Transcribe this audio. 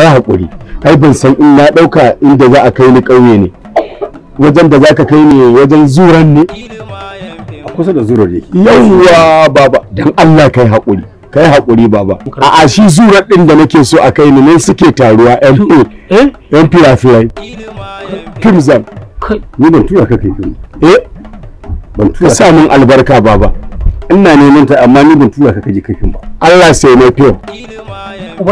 kai haƙuri ai ban san in na ɗauka inda za a kai ni ƙauye ne wajen da za ka kai ni wajen zuran ne a kusa da zuran yake yawwa baba dan Allah kai haƙuri kai haƙuri baba a a shi zurar ɗin da nake so a kai ni ne suke taruwa mp eh? mp rafirai kimzan ni ban tura ka kai kin eh ban tura sa min albarka baba ina neman ta amma ni ban tura ka kaji kai ba Allah sai na fiyo